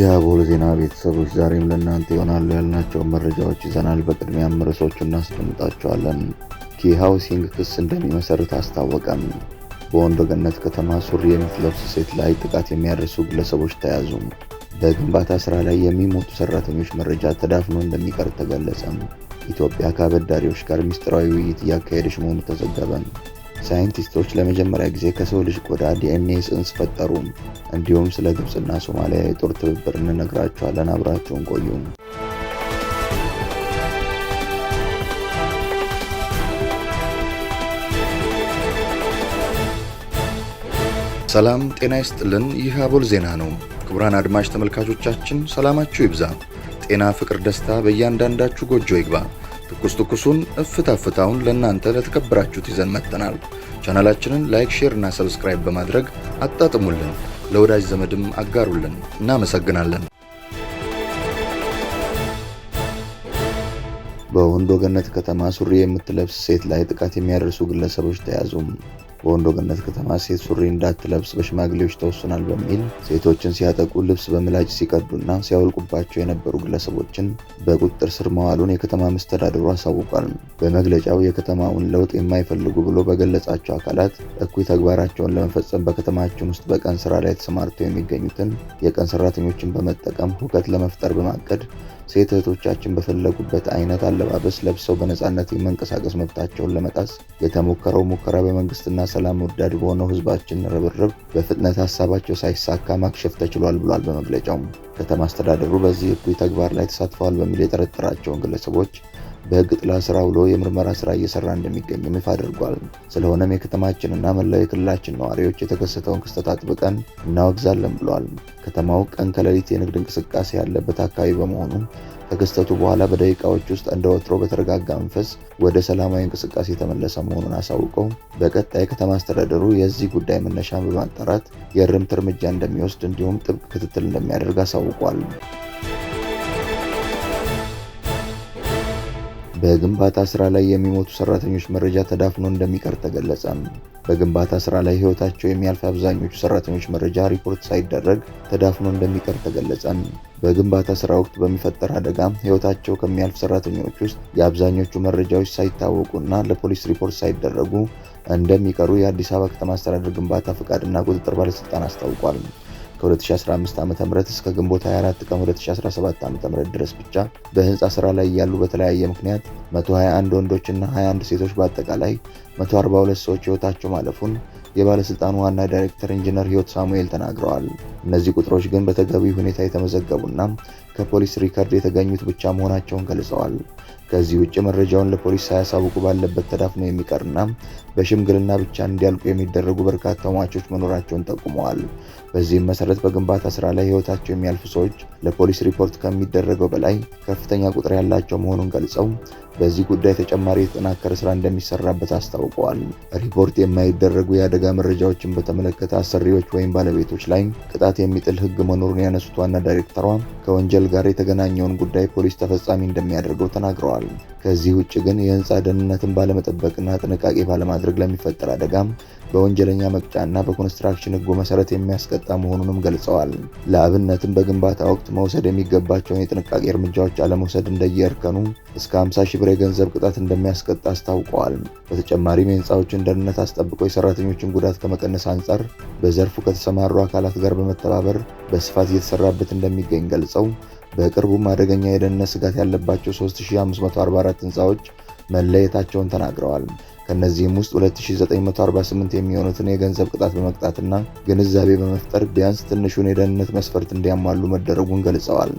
የአቦል ዜና ቤተሰቦች ዛሬም ለእናንተ ይሆናሉ ያልናቸውን መረጃዎች ይዘናል። በቅድሚያም ርዕሶቹ እናስደምጣቸዋለን። ኪ ሃውሲንግ ክስ እንደሚመሰርት አስታወቀም። በወንዶ ገነት ከተማ ሱሪ የምትለብስ ሴት ላይ ጥቃት የሚያደርሱ ግለሰቦች ተያዙ። በግንባታ ስራ ላይ የሚሞቱ ሰራተኞች መረጃ ተዳፍኖ እንደሚቀር ተገለጸም። ኢትዮጵያ ከአበዳሪዎች ጋር ምስጢራዊ ውይይት እያካሄደች መሆኑ ተዘገበ። ሳይንቲስቶች ለመጀመሪያ ጊዜ ከሰው ልጅ ቆዳ ዲኤንኤ ጽንስ ፈጠሩ። እንዲሁም ስለ ግብፅና ሶማሊያ የጦር ትብብር እንነግራችኋለን። አብራችሁን ቆዩ። ሰላም ጤና ይስጥልን። ይህ አቦል ዜና ነው። ክቡራን አድማጭ ተመልካቾቻችን ሰላማችሁ ይብዛ፣ ጤና፣ ፍቅር፣ ደስታ በእያንዳንዳችሁ ጎጆ ይግባ። ትኩስ ትኩሱን እፍታ ፍታውን ለእናንተ ለተከበራችሁት ይዘን መጥተናል። ቻናላችንን ላይክ፣ ሼር እና ሰብስክራይብ በማድረግ አጣጥሙልን፣ ለወዳጅ ዘመድም አጋሩልን። እናመሰግናለን። በወንዶ ገነት ከተማ ሱሪ የምትለብስ ሴት ላይ ጥቃት የሚያደርሱ ግለሰቦች ተያዙ። በወንዶ ገነት ከተማ ሴት ሱሪ እንዳትለብስ በሽማግሌዎች ተወስናል በሚል ሴቶችን ሲያጠቁ፣ ልብስ በምላጭ ሲቀዱና ሲያወልቁባቸው የነበሩ ግለሰቦችን በቁጥጥር ስር መዋሉን የከተማ መስተዳደሩ አሳውቋል። በመግለጫው የከተማውን ለውጥ የማይፈልጉ ብሎ በገለጻቸው አካላት እኩይ ተግባራቸውን ለመፈጸም በከተማችን ውስጥ በቀን ስራ ላይ ተሰማርተው የሚገኙትን የቀን ሰራተኞችን በመጠቀም ሁከት ለመፍጠር በማቀድ ሴት እህቶቻችን በፈለጉበት አይነት አለባበስ ለብሰው በነፃነት የመንቀሳቀስ መብታቸውን ለመጣስ የተሞከረው ሙከራ በመንግስትና ሰላም ወዳድ በሆነው ህዝባችን ርብርብ በፍጥነት ሀሳባቸው ሳይሳካ ማክሸፍ ተችሏል ብሏል። በመግለጫውም ከተማ አስተዳደሩ በዚህ እኩይ ተግባር ላይ ተሳትፈዋል በሚል የጠረጠራቸውን ግለሰቦች በሕግ ጥላ ስራ ውሎ የምርመራ ስራ እየሰራ እንደሚገኝም ይፋ አድርጓል። ስለሆነም የከተማችንና መላው የክልላችን ነዋሪዎች የተከሰተውን ክስተት አጥብቀን እናወግዛለን ብሏል። ከተማው ቀን ከሌሊት የንግድ እንቅስቃሴ ያለበት አካባቢ በመሆኑ ከክስተቱ በኋላ በደቂቃዎች ውስጥ እንደ ወትሮ በተረጋጋ መንፈስ ወደ ሰላማዊ እንቅስቃሴ የተመለሰ መሆኑን አሳውቀው በቀጣይ ከተማ አስተዳደሩ የዚህ ጉዳይ መነሻን በማጣራት የእርምት እርምጃ እንደሚወስድ እንዲሁም ጥብቅ ክትትል እንደሚያደርግ አሳውቋል። በግንባታ ስራ ላይ የሚሞቱ ሰራተኞች መረጃ ተዳፍኖ እንደሚቀር ተገለጸ። በግንባታ ስራ ላይ ህይወታቸው የሚያልፍ አብዛኞቹ ሰራተኞች መረጃ ሪፖርት ሳይደረግ ተዳፍኖ እንደሚቀር ተገለጸ። በግንባታ ስራ ወቅት በሚፈጠር አደጋ ህይወታቸው ከሚያልፍ ሰራተኞች ውስጥ የአብዛኞቹ መረጃዎች ሳይታወቁና ለፖሊስ ሪፖርት ሳይደረጉ እንደሚቀሩ የአዲስ አበባ ከተማ አስተዳደር ግንባታ ፍቃድና ቁጥጥር ባለስልጣን አስታውቋል። ከ2015 ዓ ም እስከ ግንቦት 24 ቀን 2017 ዓ ም ድረስ ብቻ በህንፃ ስራ ላይ ያሉ በተለያየ ምክንያት 121 ወንዶችና 21 ሴቶች በአጠቃላይ 142 ሰዎች ህይወታቸው ማለፉን የባለስልጣኑ ዋና ዳይሬክተር ኢንጂነር ህይወት ሳሙኤል ተናግረዋል። እነዚህ ቁጥሮች ግን በተገቢ ሁኔታ የተመዘገቡና ከፖሊስ ሪከርድ የተገኙት ብቻ መሆናቸውን ገልጸዋል። ከዚህ ውጭ መረጃውን ለፖሊስ ሳያሳውቁ ባለበት ተዳፍኖ የሚቀርና በሽምግልና ብቻ እንዲያልቁ የሚደረጉ በርካታ ሟቾች መኖራቸውን ጠቁመዋል። በዚህም መሰረት በግንባታ ስራ ላይ ህይወታቸው የሚያልፉ ሰዎች ለፖሊስ ሪፖርት ከሚደረገው በላይ ከፍተኛ ቁጥር ያላቸው መሆኑን ገልጸው በዚህ ጉዳይ ተጨማሪ የተጠናከረ ስራ እንደሚሰራበት አስታውቀዋል። ሪፖርት የማይደረጉ የአደጋ መረጃዎችን በተመለከተ አሰሪዎች ወይም ባለቤቶች ላይ ቅጣት የሚጥል ህግ መኖሩን ያነሱት ዋና ዳይሬክተሯ ከወንጀል ጋር የተገናኘውን ጉዳይ ፖሊስ ተፈጻሚ እንደሚያደርገው ተናግረዋል። ከዚህ ውጭ ግን የህንፃ ደህንነትን ባለመጠበቅና ጥንቃቄ ባለማድረግ በማድረግ ለሚፈጠር አደጋም በወንጀለኛ መቅጫና በኮንስትራክሽን ሕጉ መሰረት የሚያስቀጣ መሆኑንም ገልጸዋል። ለአብነትም በግንባታ ወቅት መውሰድ የሚገባቸውን የጥንቃቄ እርምጃዎች አለመውሰድ እንደየእርከኑ እስከ 50 ሺህ ብር የገንዘብ ቅጣት እንደሚያስቀጣ አስታውቀዋል። በተጨማሪም የህንፃዎችን ደህንነት አስጠብቆ የሰራተኞችን ጉዳት ከመቀነስ አንጻር በዘርፉ ከተሰማሩ አካላት ጋር በመተባበር በስፋት እየተሰራበት እንደሚገኝ ገልጸው በቅርቡም አደገኛ የደህንነት ስጋት ያለባቸው 3544 ህንፃዎች መለየታቸውን ተናግረዋል። ከእነዚህም ውስጥ 2948 የሚሆኑትን የገንዘብ ቅጣት በመቅጣትና ግንዛቤ በመፍጠር ቢያንስ ትንሹን የደህንነት መስፈርት እንዲያሟሉ መደረጉን ገልጸዋል።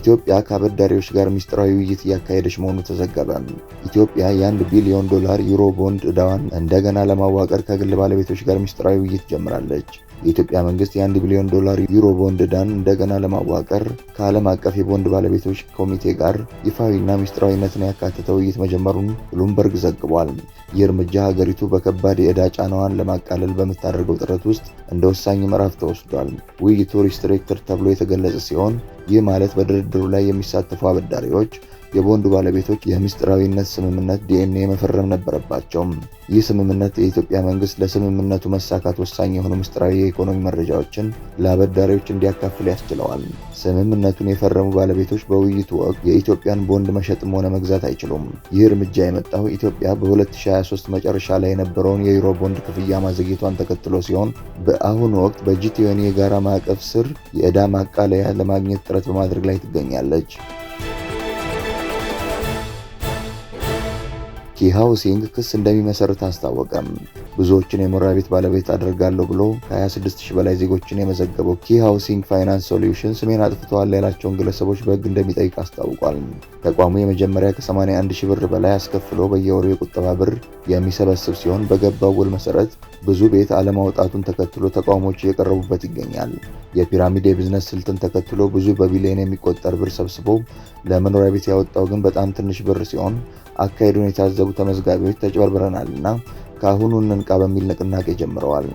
ኢትዮጵያ ከአበዳሪዎች ጋር ሚስጥራዊ ውይይት እያካሄደች መሆኑ ተዘገበ። ኢትዮጵያ የአንድ ቢሊዮን ዶላር ዩሮ ቦንድ እዳዋን እንደገና ለማዋቀር ከግል ባለቤቶች ጋር ሚስጥራዊ ውይይት ጀምራለች። የኢትዮጵያ መንግስት የአንድ ቢሊዮን ዶላር ዩሮ ቦንድ ዕዳን እንደገና ለማዋቀር ከዓለም አቀፍ የቦንድ ባለቤቶች ኮሚቴ ጋር ይፋዊና ሚስጥራዊነትን ያካተተ ውይይት መጀመሩን ብሉምበርግ ዘግቧል። ይህ እርምጃ ሀገሪቱ በከባድ የዕዳ ጫናዋን ለማቃለል በምታደርገው ጥረት ውስጥ እንደ ወሳኝ ምዕራፍ ተወስዷል። ውይይቱ ሪስትሬክተር ተብሎ የተገለጸ ሲሆን ይህ ማለት በድርድሩ ላይ የሚሳተፉ አበዳሪዎች የቦንዱ ባለቤቶች የምስጢራዊነት ስምምነት ዲኤንኤ መፈረም ነበረባቸውም። ይህ ስምምነት የኢትዮጵያ መንግስት ለስምምነቱ መሳካት ወሳኝ የሆኑ ምስጢራዊ የኢኮኖሚ መረጃዎችን ለአበዳሪዎች እንዲያካፍል ያስችለዋል። ስምምነቱን የፈረሙ ባለቤቶች በውይይቱ ወቅት የኢትዮጵያን ቦንድ መሸጥም ሆነ መግዛት አይችሉም። ይህ እርምጃ የመጣው ኢትዮጵያ በ2023 መጨረሻ ላይ የነበረውን የዩሮ ቦንድ ክፍያ ማዘግየቷን ተከትሎ ሲሆን በአሁኑ ወቅት በጂቲዮኒ የጋራ ማዕቀፍ ስር የዕዳ ማቃለያ ለማግኘት ጥረት ጥረት በማድረግ ላይ ትገኛለች። ሃውሲንግ ክስ እንደሚመሰርት አስታወቀም። ብዙዎችን የመኖሪያ ቤት ባለቤት አደርጋለሁ ብሎ ከ26000 በላይ ዜጎችን የመዘገበው ሃውሲንግ ፋይናንስ ሶሉሽን ስሜን አጥፍተዋል ያላቸውን ግለሰቦች በሕግ እንደሚጠይቅ አስታውቋል። ተቋሙ የመጀመሪያ ከ81000 ብር በላይ አስከፍሎ በየወሩ የቁጠባ ብር የሚሰበስብ ሲሆን በገባው ውል መሰረት ብዙ ቤት አለማውጣቱን ተከትሎ ተቃውሞች እየቀረቡበት ይገኛል። የፒራሚድ የቢዝነስ ስልትን ተከትሎ ብዙ በቢሊዮን የሚቆጠር ብር ሰብስቦ ለመኖሪያ ቤት ያወጣው ግን በጣም ትንሽ ብር ሲሆን አካሄዱን የታዘቡ ተመዝጋቢዎች ተጭበርብረናልና ከአሁኑ እንንቃ በሚል ንቅናቄ ጀምረዋል።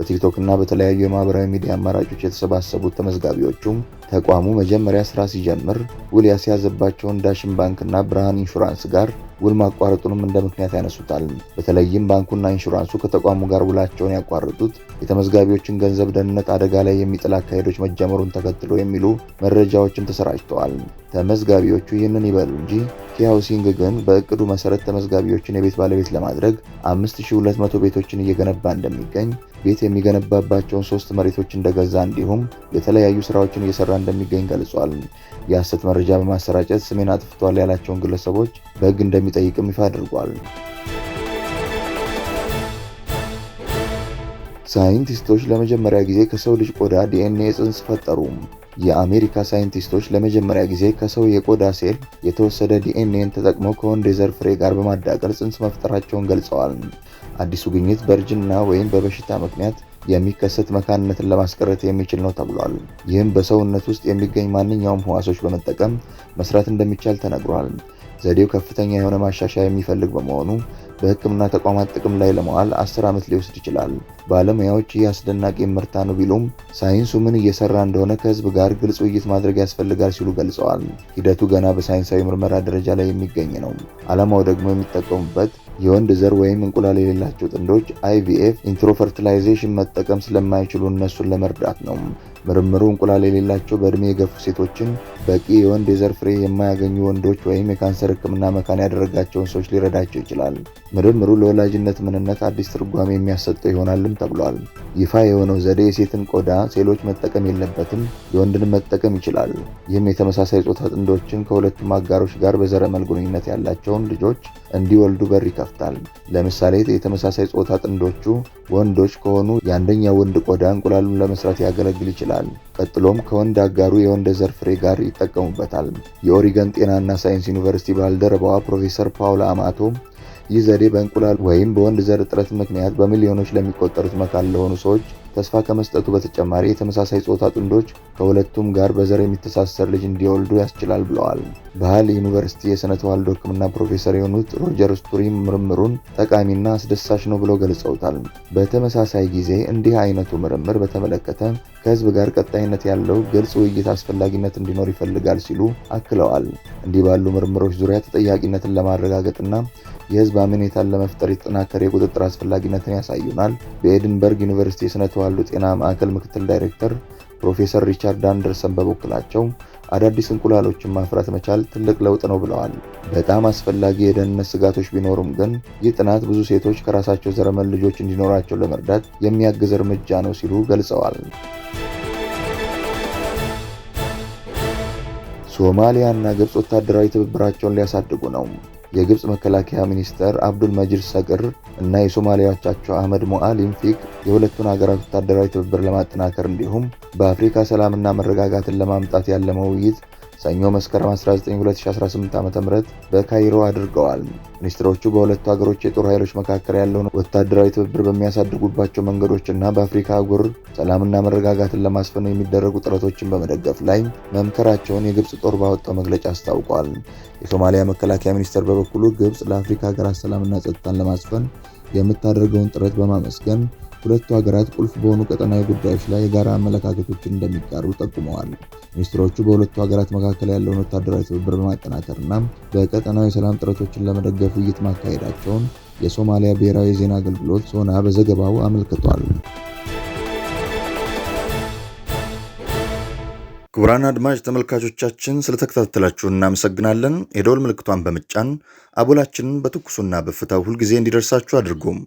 በቲክቶክ እና በተለያዩ የማህበራዊ ሚዲያ አማራጮች የተሰባሰቡት ተመዝጋቢዎቹም ተቋሙ መጀመሪያ ስራ ሲጀምር ውል ያስያዘባቸውን ዳሽን ባንክና ብርሃን ኢንሹራንስ ጋር ውል ማቋረጡንም እንደ ምክንያት ያነሱታል። በተለይም ባንኩና ኢንሹራንሱ ከተቋሙ ጋር ውላቸውን ያቋረጡት የተመዝጋቢዎችን ገንዘብ ደህንነት አደጋ ላይ የሚጥል አካሄዶች መጀመሩን ተከትሎ የሚሉ መረጃዎችም ተሰራጭተዋል። ተመዝጋቢዎቹ ይህንን ይበሉ እንጂ ኪሃውሲንግ ግን በእቅዱ መሰረት ተመዝጋቢዎችን የቤት ባለቤት ለማድረግ 5200 ቤቶችን እየገነባ እንደሚገኝ ቤት የሚገነባባቸውን ሶስት መሬቶች እንደገዛ እንዲሁም የተለያዩ ስራዎችን እየሰራ እንደሚገኝ ገልጿል። የሐሰት መረጃ በማሰራጨት ስሜን አጥፍቷል ያላቸውን ግለሰቦች በሕግ እንደሚጠይቅም ይፋ አድርጓል። ሳይንቲስቶች ለመጀመሪያ ጊዜ ከሰው ልጅ ቆዳ ዲኤንኤ ጽንስ ፈጠሩ። የአሜሪካ ሳይንቲስቶች ለመጀመሪያ ጊዜ ከሰው የቆዳ ሴል የተወሰደ ዲኤንኤን ተጠቅመው ከወንድ የዘር ፍሬ ጋር በማዳቀል ጽንስ መፍጠራቸውን ገልጸዋል። አዲሱ ግኝት በእርጅና ወይም በበሽታ ምክንያት የሚከሰት መካንነትን ለማስቀረት የሚችል ነው ተብሏል። ይህም በሰውነት ውስጥ የሚገኝ ማንኛውም ህዋሶች በመጠቀም መስራት እንደሚቻል ተነግሯል። ዘዴው ከፍተኛ የሆነ ማሻሻያ የሚፈልግ በመሆኑ በህክምና ተቋማት ጥቅም ላይ ለመዋል አስር ዓመት ሊወስድ ይችላል። ባለሙያዎች ይህ አስደናቂ ምርታ ነው ቢሉም ሳይንሱ ምን እየሰራ እንደሆነ ከህዝብ ጋር ግልጽ ውይይት ማድረግ ያስፈልጋል ሲሉ ገልጸዋል። ሂደቱ ገና በሳይንሳዊ ምርመራ ደረጃ ላይ የሚገኝ ነው። ዓላማው ደግሞ የሚጠቀሙበት የወንድ ዘር ወይም እንቁላል የሌላቸው ጥንዶች አይቪኤፍ ኢንትሮፈርቲላይዜሽን መጠቀም ስለማይችሉ እነሱን ለመርዳት ነው። ምርምሩ እንቁላል የሌላቸው በእድሜ የገፉ ሴቶችን በቂ የወንድ የዘር ፍሬ የማያገኙ ወንዶች ወይም የካንሰር ሕክምና መካን ያደረጋቸውን ሰዎች ሊረዳቸው ይችላል። ምርምሩ ለወላጅነት ምንነት አዲስ ትርጓሜ የሚያሰጠው ይሆናልም ተብሏል። ይፋ የሆነው ዘዴ የሴትን ቆዳ ሴሎች መጠቀም የለበትም፣ የወንድን መጠቀም ይችላል። ይህም የተመሳሳይ ጾታ ጥንዶችን ከሁለቱም አጋሮች ጋር በዘረመል ግንኙነት ያላቸውን ልጆች እንዲወልዱ በር ይከፍታል። ለምሳሌ የተመሳሳይ ጾታ ጥንዶቹ ወንዶች ከሆኑ የአንደኛው ወንድ ቆዳ እንቁላሉን ለመስራት ያገለግል ይችላል። ይችላል። ቀጥሎም ከወንድ አጋሩ የወንደ ዘር ፍሬ ጋር ይጠቀሙበታል። የኦሪገን ጤናና ሳይንስ ዩኒቨርሲቲ ባልደረባዋ ፕሮፌሰር ፓውላ አማቶ ይህ ዘዴ በእንቁላል ወይም በወንድ ዘር እጥረት ምክንያት በሚሊዮኖች ለሚቆጠሩት መካል ለሆኑ ሰዎች ተስፋ ከመስጠቱ በተጨማሪ የተመሳሳይ ጾታ ጥንዶች ከሁለቱም ጋር በዘር የሚተሳሰር ልጅ እንዲወልዱ ያስችላል ብለዋል። በሃል ዩኒቨርሲቲ የሥነ ተዋልዶ ሕክምና ፕሮፌሰር የሆኑት ሮጀር ስቱሪም ምርምሩን ጠቃሚና አስደሳች ነው ብለው ገልጸውታል። በተመሳሳይ ጊዜ እንዲህ አይነቱ ምርምር በተመለከተ ከህዝብ ጋር ቀጣይነት ያለው ግልጽ ውይይት አስፈላጊነት እንዲኖር ይፈልጋል ሲሉ አክለዋል። እንዲህ ባሉ ምርምሮች ዙሪያ ተጠያቂነትን ለማረጋገጥና የህዝብ አመኔታን ለመፍጠር የተጠናከረ የቁጥጥር አስፈላጊነትን ያሳዩናል። በኤድንበርግ ዩኒቨርሲቲ የስነ ተዋልዶ ጤና ማዕከል ምክትል ዳይሬክተር ፕሮፌሰር ሪቻርድ አንደርሰን በበኩላቸው አዳዲስ እንቁላሎችን ማፍራት መቻል ትልቅ ለውጥ ነው ብለዋል። በጣም አስፈላጊ የደህንነት ስጋቶች ቢኖሩም ግን ይህ ጥናት ብዙ ሴቶች ከራሳቸው ዘረመል ልጆች እንዲኖራቸው ለመርዳት የሚያግዝ እርምጃ ነው ሲሉ ገልጸዋል። ሶማሊያ እና ግብፅ ወታደራዊ ትብብራቸውን ሊያሳድጉ ነው። የግብፅ መከላከያ ሚኒስተር አብዱል መጂድ ሰቅር እና የሶማሊያው አህመድ ሞአሊም ፊክ የሁለቱን ሀገራት ወታደራዊ ትብብር ለማጠናከር እንዲሁም በአፍሪካ ሰላምና መረጋጋትን ለማምጣት ያለመ ውይይት ሰኞ መስከረም 19 2018 ዓ ም በካይሮ አድርገዋል። ሚኒስትሮቹ በሁለቱ ሀገሮች የጦር ኃይሎች መካከል ያለውን ወታደራዊ ትብብር በሚያሳድጉባቸው መንገዶች እና በአፍሪካ አህጉር ሰላምና መረጋጋትን ለማስፈን የሚደረጉ ጥረቶችን በመደገፍ ላይ መምከራቸውን የግብፅ ጦር ባወጣው መግለጫ አስታውቋል። የሶማሊያ መከላከያ ሚኒስቴር በበኩሉ ግብፅ ለአፍሪካ ሀገራት ሰላምና ጸጥታን ለማስፈን የምታደርገውን ጥረት በማመስገን ሁለቱ ሀገራት ቁልፍ በሆኑ ቀጠናዊ ጉዳዮች ላይ የጋራ አመለካከቶችን እንደሚጋሩ ጠቁመዋል። ሚኒስትሮቹ በሁለቱ ሀገራት መካከል ያለውን ወታደራዊ ትብብር በማጠናከርና በቀጠናዊ የሰላም ጥረቶችን ለመደገፍ ውይይት ማካሄዳቸውን የሶማሊያ ብሔራዊ የዜና አገልግሎት ሶና በዘገባው አመልክቷል። ክቡራን አድማጭ ተመልካቾቻችን ስለተከታተላችሁ እናመሰግናለን። የደወል ምልክቷን በምጫን አቦላችንን በትኩሱና በፍታው ሁልጊዜ እንዲደርሳችሁ አድርጎም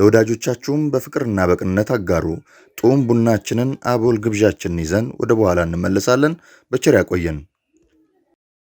ለወዳጆቻችሁም በፍቅርና በቅንነት አጋሩ። ጡም ቡናችንን አቦል ግብዣችንን ይዘን ወደ በኋላ እንመለሳለን። በቸር ያቆየን።